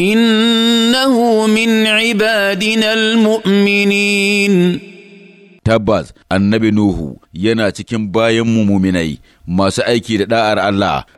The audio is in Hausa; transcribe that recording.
إنه min عبادنا المؤمنين tabbas annabi Nuhu yana cikin bayan muminai masu aiki da ɗa'ar Allah